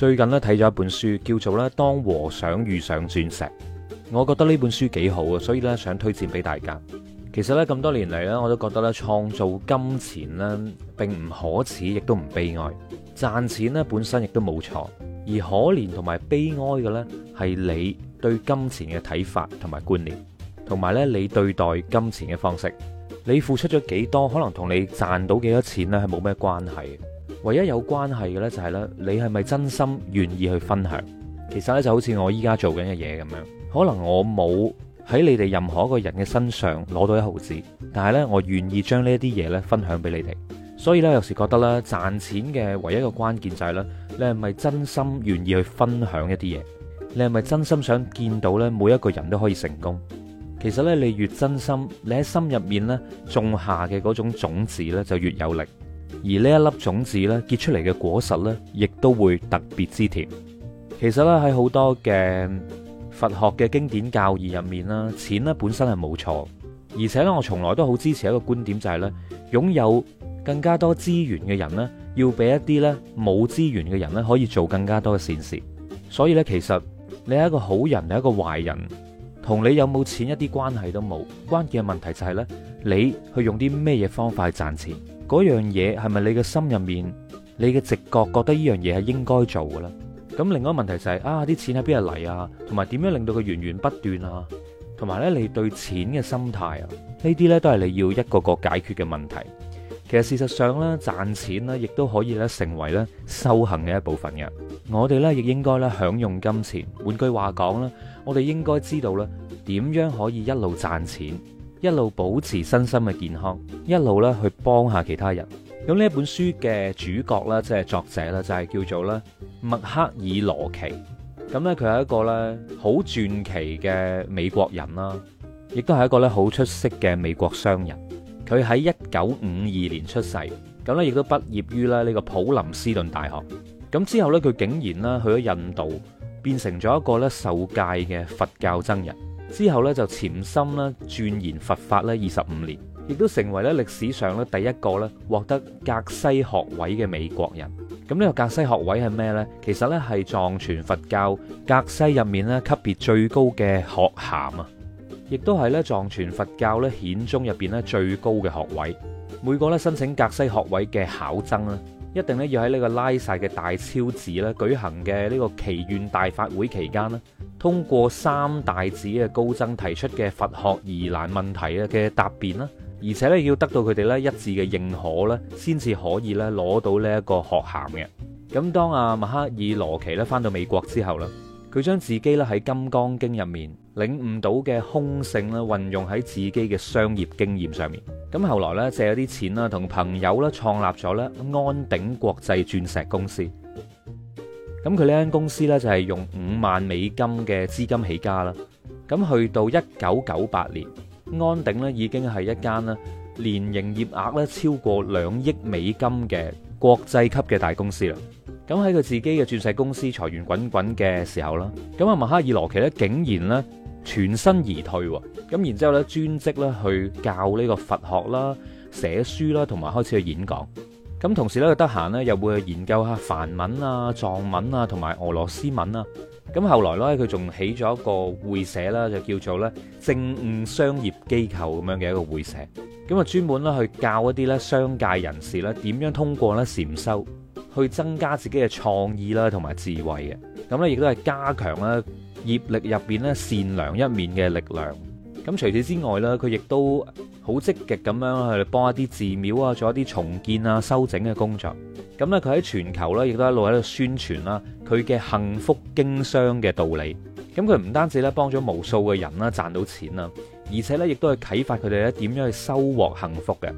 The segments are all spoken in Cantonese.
最近咧睇咗一本書，叫做咧《當和尚遇上鑽石》，我覺得呢本書幾好啊，所以咧想推薦俾大家。其實咧咁多年嚟咧，我都覺得咧創造金錢咧並唔可恥，亦都唔悲哀。賺錢咧本身亦都冇錯，而可憐同埋悲哀嘅咧係你對金錢嘅睇法同埋觀念，同埋咧你對待金錢嘅方式。你付出咗幾多，可能同你賺到幾多錢咧係冇咩關係。唯一有關係嘅咧就係咧，你係咪真心願意去分享？其實咧就好似我依家做緊嘅嘢咁樣，可能我冇喺你哋任何一個人嘅身上攞到一毫子，但係咧我願意將呢一啲嘢咧分享俾你哋。所以咧有時覺得咧賺錢嘅唯一個關鍵就係咧，你係咪真心願意去分享一啲嘢？你係咪真心想見到咧每一個人都可以成功？其實咧你越真心，你喺心入面咧種下嘅嗰種種子咧就越有力。而呢一粒種子呢，結出嚟嘅果實呢，亦都會特別之甜。其實咧，喺好多嘅佛學嘅經典教義入面啦，錢呢本身係冇錯，而且呢，我從來都好支持一個觀點，就係呢：擁有更加多資源嘅人呢，要俾一啲呢冇資源嘅人呢，可以做更加多嘅善事。所以呢，其實你係一個好人定一個壞人，同你有冇錢一啲關係都冇，關鍵嘅問題就係呢：你去用啲咩嘢方法去賺錢。嗰樣嘢係咪你嘅心入面，你嘅直覺覺得呢樣嘢係應該做嘅咧？咁另外一個問題就係啊，啲錢喺邊度嚟啊，同埋點樣令到佢源源不斷啊？同埋呢，你對錢嘅心態啊，呢啲呢，都係你要一個個解決嘅問題。其實事實上呢，賺錢呢，亦都可以咧成為咧修行嘅一部分嘅。我哋呢，亦應該咧享用金錢。換句話講咧，我哋應該知道呢，點樣可以一路賺錢。一路保持身心嘅健康，一路咧去幫下其他人。咁呢本書嘅主角啦，即係作者啦，就係叫做咧麥克爾羅奇。咁咧佢係一個咧好傳奇嘅美國人啦，亦都係一個咧好出色嘅美國商人。佢喺一九五二年出世，咁咧亦都畢業於咧呢個普林斯頓大學。咁之後咧，佢竟然咧去咗印度，變成咗一個咧受戒嘅佛教僧人。之後咧就潛心啦，鑽研佛法咧二十五年，亦都成為咧歷史上咧第一個咧獲得格西學位嘅美國人。咁、這、呢個格西學位係咩呢？其實呢，係藏傳佛教格西入面咧級別最高嘅學銜啊，亦都係咧藏傳佛教咧顯宗入邊咧最高嘅學位。每個咧申請格西學位嘅考生咧。一定咧要喺呢個拉薩嘅大昭寺咧舉行嘅呢個祈願大法會期間咧，通過三大寺嘅高僧提出嘅佛學疑難問題咧嘅答辯啦，而且咧要得到佢哋咧一致嘅認可咧，先至可以咧攞到呢一個學函嘅。咁當阿、啊、麥克爾羅奇咧返到美國之後啦，佢將自己咧喺《金剛經》入面領悟到嘅空性咧，運用喺自己嘅商業經驗上面。咁後來咧，借咗啲錢啦，同朋友咧創立咗咧安鼎國際鑽石公司。咁佢呢間公司咧就係用五萬美金嘅資金起家啦。咁去到一九九八年，安鼎咧已經係一間咧年營業額咧超過兩億美金嘅國際級嘅大公司啦。咁喺佢自己嘅鑽石公司財源滾滾嘅時候啦，咁阿麥克爾羅奇咧竟然咧～全身而退喎，咁然之後咧，專職咧去教呢個佛學啦、寫書啦，同埋開始去演講。咁同時咧，佢得閒呢又會去研究下梵文啊、藏文啊，同埋俄羅斯文啊。咁後來呢，佢仲起咗一個會社啦，就叫做呢正悟商業機構咁樣嘅一個會社。咁啊，專門咧去教一啲咧商界人士咧點樣通過咧禪修去增加自己嘅創意啦，同埋智慧嘅。咁咧亦都係加強咧。業力入邊咧善良一面嘅力量，咁除此之外咧，佢亦都好積極咁樣去幫一啲寺廟啊，做一啲重建啊、修整嘅工作。咁咧，佢喺全球咧亦都一路喺度宣傳啦，佢嘅幸福經商嘅道理。咁佢唔單止咧幫咗無數嘅人啦，賺到錢啊，而且咧亦都係啟發佢哋咧點樣去收穫幸福嘅。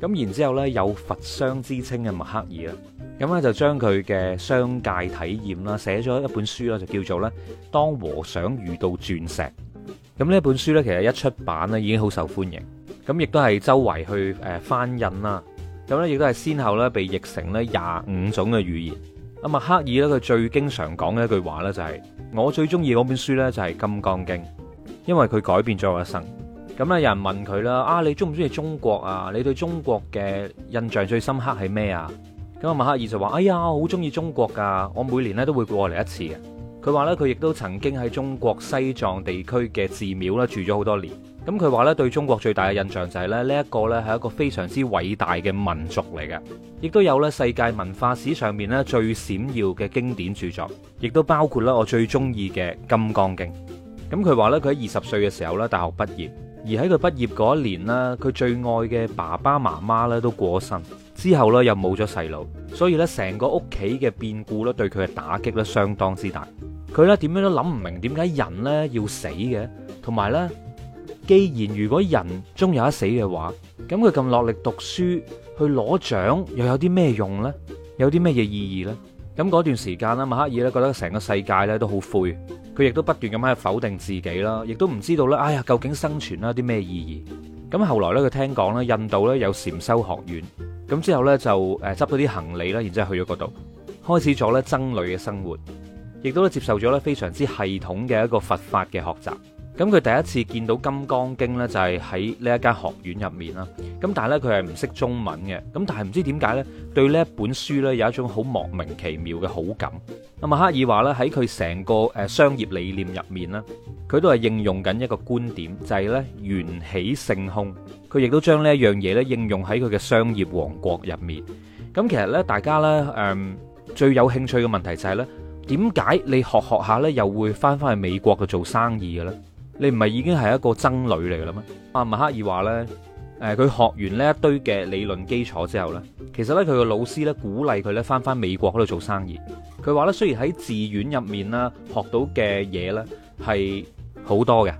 咁然之後咧有佛商之稱嘅麥克爾。咁咧就將佢嘅商界體驗啦，寫咗一本書啦，就叫做咧《當和尚遇到鑽石》。咁呢本書呢，其實一出版呢已經好受歡迎。咁亦都係周圍去誒翻印啦。咁咧亦都係先後咧被譯成咧廿五種嘅語言。麥克爾咧，佢最經常講嘅一句話呢，就係、是：我最中意嗰本書呢，就係、是《金剛經》，因為佢改變咗我一生。咁咧有人問佢啦：啊，你中唔中意中國啊？你對中國嘅印象最深刻係咩啊？咁阿麥克爾就話：哎呀，好中意中國噶，我每年咧都會過嚟一次嘅。佢話咧，佢亦都曾經喺中國西藏地區嘅寺廟咧住咗好多年。咁佢話咧，對中國最大嘅印象就係咧呢一個咧係一個非常之偉大嘅民族嚟嘅，亦都有咧世界文化史上面咧最閃耀嘅經典著作，亦都包括咧我最中意嘅《金剛經》。咁佢話咧，佢喺二十歲嘅時候咧大學畢業。而喺佢畢業嗰一年，呢佢最愛嘅爸爸媽媽呢都過咗身，之後呢又冇咗細路，所以呢成個屋企嘅變故呢對佢嘅打擊呢相當之大。佢呢點樣都諗唔明點解人呢要死嘅，同埋呢既然如果人終有一死嘅話，咁佢咁落力讀書去攞獎，又有啲咩用呢？有啲咩嘢意義呢？咁嗰段時間呢，馬克爾呢覺得成個世界呢都好灰。佢亦都不斷咁樣否定自己啦，亦都唔知道呢，哎呀，究竟生存啦啲咩意義？咁後來呢，佢聽講呢，印度呢有禪修學院，咁之後呢，就誒執咗啲行李啦，然之後去咗嗰度，開始咗呢僧侶嘅生活，亦都接受咗呢非常之系統嘅一個佛法嘅學習。咁佢第一次見到《金剛經》呢，就係喺呢一間學院入面啦。咁但係呢，佢係唔識中文嘅。咁但係唔知點解呢，對呢一本書呢，有一種好莫名其妙嘅好感。咁啊，麥克爾話呢，喺佢成個誒商業理念入面呢，佢都係應用緊一個觀點，就係、是、呢緣起性空。佢亦都將呢一樣嘢咧應用喺佢嘅商業王國入面。咁、嗯、其實呢，大家呢，誒、嗯、最有興趣嘅問題就係呢，點解你學學下呢，又會翻返去美國去做生意嘅咧？你唔係已經係一個僧侶嚟嘅啦咩？阿米克爾話呢，誒，佢學完呢一堆嘅理論基礎之後呢，其實呢，佢個老師呢鼓勵佢呢翻翻美國嗰度做生意。佢話呢，雖然喺寺院入面啦學到嘅嘢呢係好多嘅，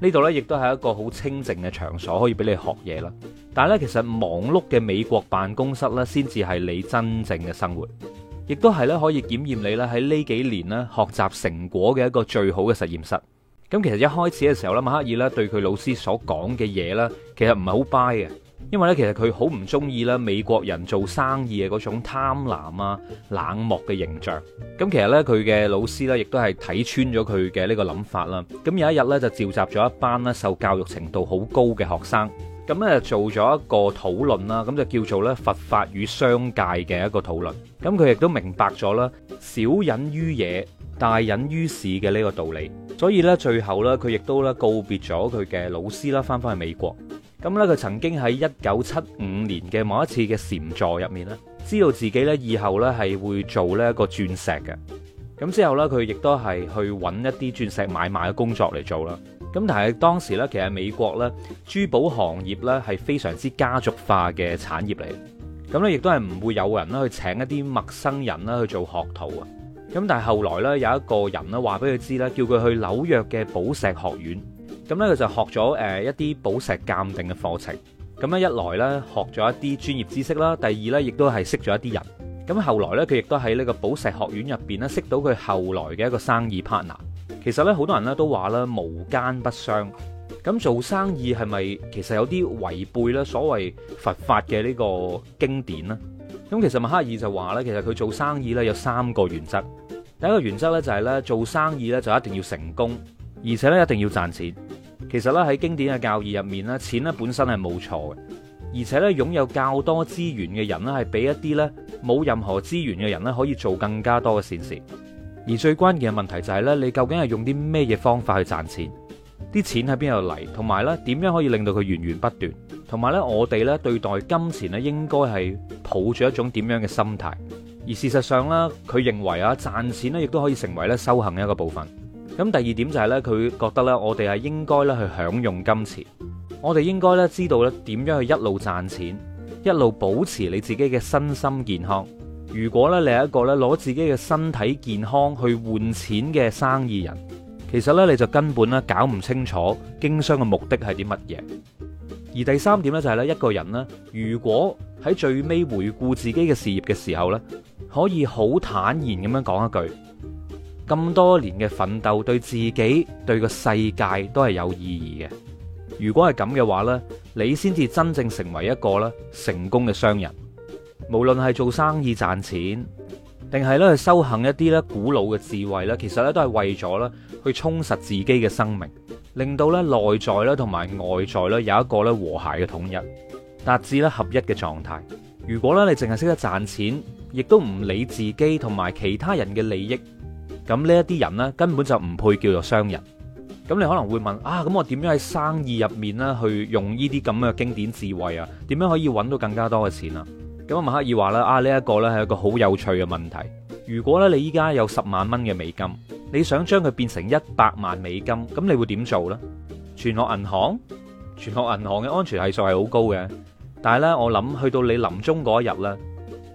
呢度呢亦都係一個好清靜嘅場所可以俾你學嘢啦。但係呢，其實忙碌嘅美國辦公室呢，先至係你真正嘅生活，亦都係呢可以檢驗你咧喺呢幾年呢學習成果嘅一個最好嘅實驗室。咁其實一開始嘅時候咧，麥克爾咧對佢老師所講嘅嘢咧，其實唔係好 buy 嘅，因為咧其實佢好唔中意啦，美國人做生意嘅嗰種貪婪啊、冷漠嘅形象。咁其實咧佢嘅老師咧亦都係睇穿咗佢嘅呢個諗法啦。咁有一日咧就召集咗一班咧受教育程度好高嘅學生，咁咧就做咗一個討論啦，咁就叫做咧佛法與商界嘅一個討論。咁佢亦都明白咗啦，小隱於野，大隱於市嘅呢個道理。所以咧，最後咧，佢亦都咧告別咗佢嘅老師啦，翻返去美國。咁咧，佢曾經喺一九七五年嘅某一次嘅禪坐入面咧，知道自己咧以後咧係會做呢一個鑽石嘅。咁之後咧，佢亦都係去揾一啲鑽石買賣嘅工作嚟做啦。咁但係當時咧，其實美國咧珠寶行業咧係非常之家族化嘅產業嚟。咁咧亦都係唔會有人咧去請一啲陌生人啦去做學徒啊。咁但係後來咧有一個人咧話俾佢知咧，叫佢去紐約嘅寶石學院。咁咧佢就學咗誒一啲寶石鑑定嘅課程。咁咧一來咧學咗一啲專業知識啦，第二咧亦都係識咗一啲人。咁後來咧佢亦都喺呢個寶石學院入邊咧識到佢後來嘅一個生意 partner。其實咧好多人咧都話咧無奸不商。咁做生意係咪其實有啲違背咧所謂佛法嘅呢個經典呢？咁其實默克爾就話咧，其實佢做生意咧有三個原則。第一個原則咧就係咧做生意咧就一定要成功，而且咧一定要賺錢。其實咧喺經典嘅教義入面咧，錢咧本身係冇錯嘅，而且咧擁有較多資源嘅人咧係俾一啲咧冇任何資源嘅人咧可以做更加多嘅善事。而最關鍵嘅問題就係咧，你究竟係用啲咩嘢方法去賺錢？啲錢喺邊度嚟？同埋咧點樣可以令到佢源源不斷？同埋咧，我哋咧對待金錢咧，應該係抱住一種點樣嘅心態。而事實上咧，佢認為啊，賺錢咧亦都可以成為咧修行嘅一個部分。咁第二點就係咧，佢覺得咧，我哋係應該咧去享用金錢。我哋應該咧知道咧點樣去一路賺錢，一路保持你自己嘅身心健康。如果咧你係一個咧攞自己嘅身體健康去換錢嘅生意人，其實咧你就根本咧搞唔清楚經商嘅目的係啲乜嘢。而第三點咧就係咧一個人咧，如果喺最尾回顧自己嘅事業嘅時候咧，可以好坦然咁樣講一句：咁多年嘅奮鬥對自己對個世界都係有意義嘅。如果係咁嘅話呢，你先至真正成為一個咧成功嘅商人。無論係做生意賺錢，定係咧修行一啲咧古老嘅智慧咧，其實咧都係為咗咧去充實自己嘅生命。令到咧內在咧同埋外在咧有一個咧和諧嘅統一，達至咧合一嘅狀態。如果咧你淨係識得賺錢，亦都唔理自己同埋其他人嘅利益，咁呢一啲人咧根本就唔配叫做商人。咁你可能會問啊，咁我點樣喺生意入面咧去用呢啲咁嘅經典智慧啊？點樣可以搵到更加多嘅錢啊？咁啊，麥克爾話啦啊，呢一個咧係一個好有趣嘅問題。如果咧你依家有十萬蚊嘅美金，你想將佢變成一百萬美金，咁你會點做咧？存落銀行？存落銀行嘅安全係數係好高嘅，但係咧我諗去到你臨終嗰一日咧，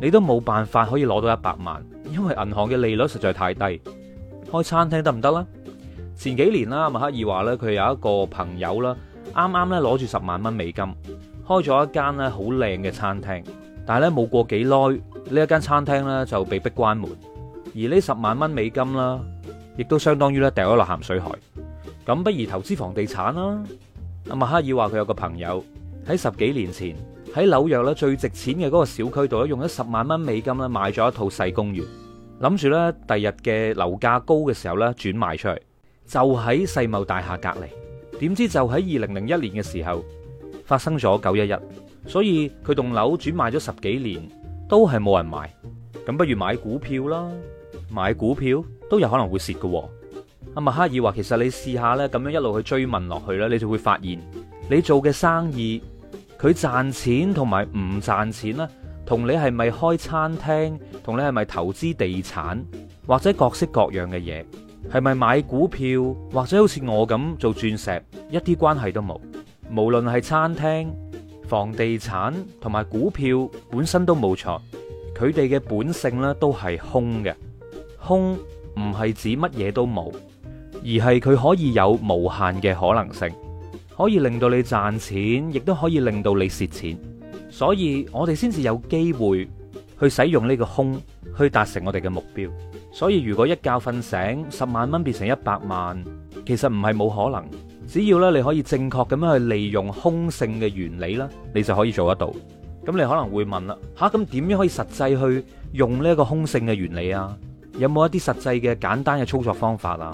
你都冇辦法可以攞到一百萬，因為銀行嘅利率實在太低。開餐廳得唔得啦？前幾年啦，麥克爾話咧佢有一個朋友啦，啱啱咧攞住十萬蚊美金，開咗一間咧好靚嘅餐廳，但係咧冇過幾耐。呢一間餐廳咧就被逼關門，而呢十萬蚊美金啦，亦都相當於咧掉咗落鹹水海。咁不如投資房地產啦。阿馬克爾話：佢有個朋友喺十幾年前喺紐約咧最值錢嘅嗰個小區度咧，用咗十萬蚊美金咧買咗一套細公寓，諗住咧第日嘅樓價高嘅時候咧轉賣出去。就喺世貿大廈隔離，點知就喺二零零一年嘅時候發生咗九一一，所以佢棟樓轉賣咗十幾年。都係冇人買，咁不如買股票啦。買股票都有可能會蝕嘅。阿麥克爾話，其實你試下咧，咁樣一路去追問落去咧，你就會發現，你做嘅生意，佢賺錢同埋唔賺錢啦。同你係咪開餐廳，同你係咪投資地產，或者各式各樣嘅嘢，係咪買股票，或者好似我咁做鑽石，一啲關係都冇。無論係餐廳。房地產同埋股票本身都冇錯，佢哋嘅本性咧都係空嘅。空唔係指乜嘢都冇，而係佢可以有無限嘅可能性，可以令到你賺錢，亦都可以令到你蝕錢。所以，我哋先至有機會去使用呢個空去達成我哋嘅目標。所以，如果一覺瞓醒，醒，十萬蚊變成一百萬，其實唔係冇可能。只要咧，你可以正確咁樣去利用空性嘅原理啦，你就可以做得到。咁你可能會問啦，嚇咁點樣可以實際去用呢個空性嘅原理啊？有冇一啲實際嘅簡單嘅操作方法啊？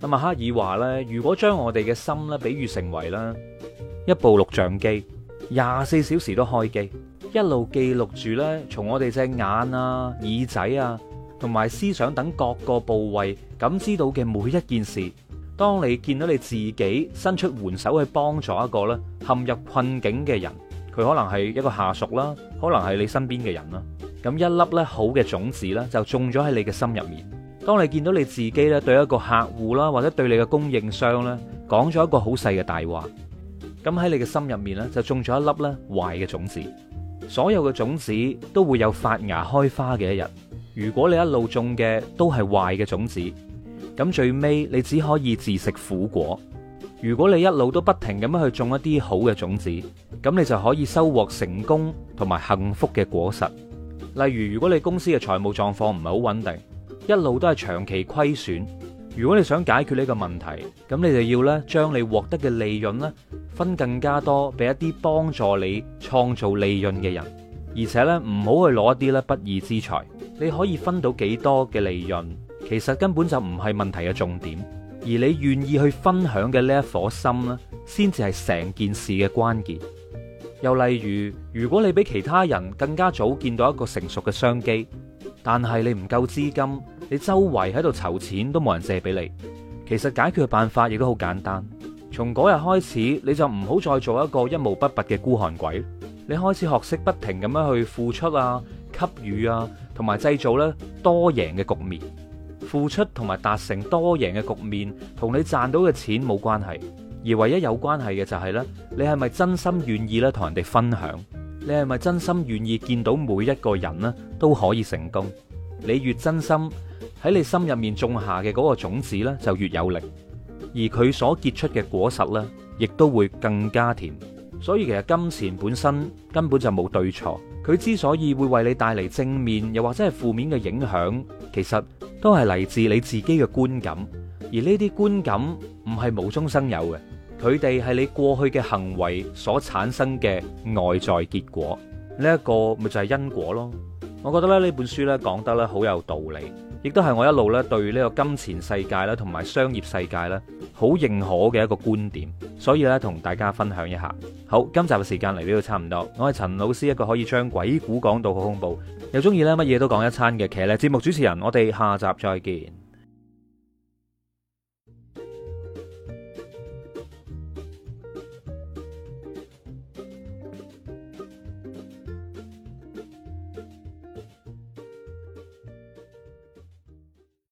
咁啊，哈爾話呢如果將我哋嘅心咧比喻成為咧一部錄像機，廿四小時都開機，一路記錄住呢，從我哋隻眼啊、耳仔啊同埋思想等各個部位感知到嘅每一件事。當你見到你自己伸出援手去幫助一個咧陷入困境嘅人，佢可能係一個下屬啦，可能係你身邊嘅人啦。咁一粒咧好嘅種子咧，就種咗喺你嘅心入面。當你見到你自己咧對一個客戶啦，或者對你嘅供應商咧講咗一個好細嘅大話，咁喺你嘅心入面咧就種咗一粒咧壞嘅種子。所有嘅種子都會有發芽開花嘅一日。如果你一路種嘅都係壞嘅種子。咁最尾你只可以自食苦果。如果你一路都不停咁樣去種一啲好嘅種子，咁你就可以收穫成功同埋幸福嘅果實。例如，如果你公司嘅財務狀況唔係好穩定，一路都係長期虧損。如果你想解決呢個問題，咁你就要咧將你獲得嘅利潤咧分更加多俾一啲幫助你創造利潤嘅人，而且呢，唔好去攞一啲咧不義之財。你可以分到幾多嘅利潤？其實根本就唔係問題嘅重點，而你願意去分享嘅呢一顆心咧，先至係成件事嘅關鍵。又例如，如果你比其他人更加早見到一個成熟嘅商機，但係你唔夠資金，你周圍喺度籌錢都冇人借俾你。其實解決嘅辦法亦都好簡單，從嗰日開始，你就唔好再做一個一毛不拔嘅孤寒鬼。你開始學識不停咁樣去付出啊、給予啊，同埋製造咧多贏嘅局面。付出同埋達成多贏嘅局面，同你賺到嘅錢冇關係，而唯一有關係嘅就係咧，你係咪真心願意咧同人哋分享？你係咪真心願意見到每一個人呢？都可以成功？你越真心喺你心入面種下嘅嗰個種子呢，就越有力，而佢所結出嘅果實呢，亦都會更加甜。所以其實金錢本身根本就冇對錯。佢之所以會為你帶嚟正面又或者係負面嘅影響，其實都係嚟自你自己嘅觀感，而呢啲觀感唔係無中生有嘅，佢哋係你過去嘅行為所產生嘅外在結果，呢一個咪就係因果咯。我覺得咧呢本書咧講得咧好有道理。亦都係我一路咧對呢個金錢世界啦，同埋商業世界咧，好認可嘅一個觀點，所以咧同大家分享一下。好，今集嘅時間嚟到都差唔多，我係陳老師，一個可以將鬼故講到好恐怖，又中意咧乜嘢都講一餐嘅騎呢節目主持人，我哋下集再見。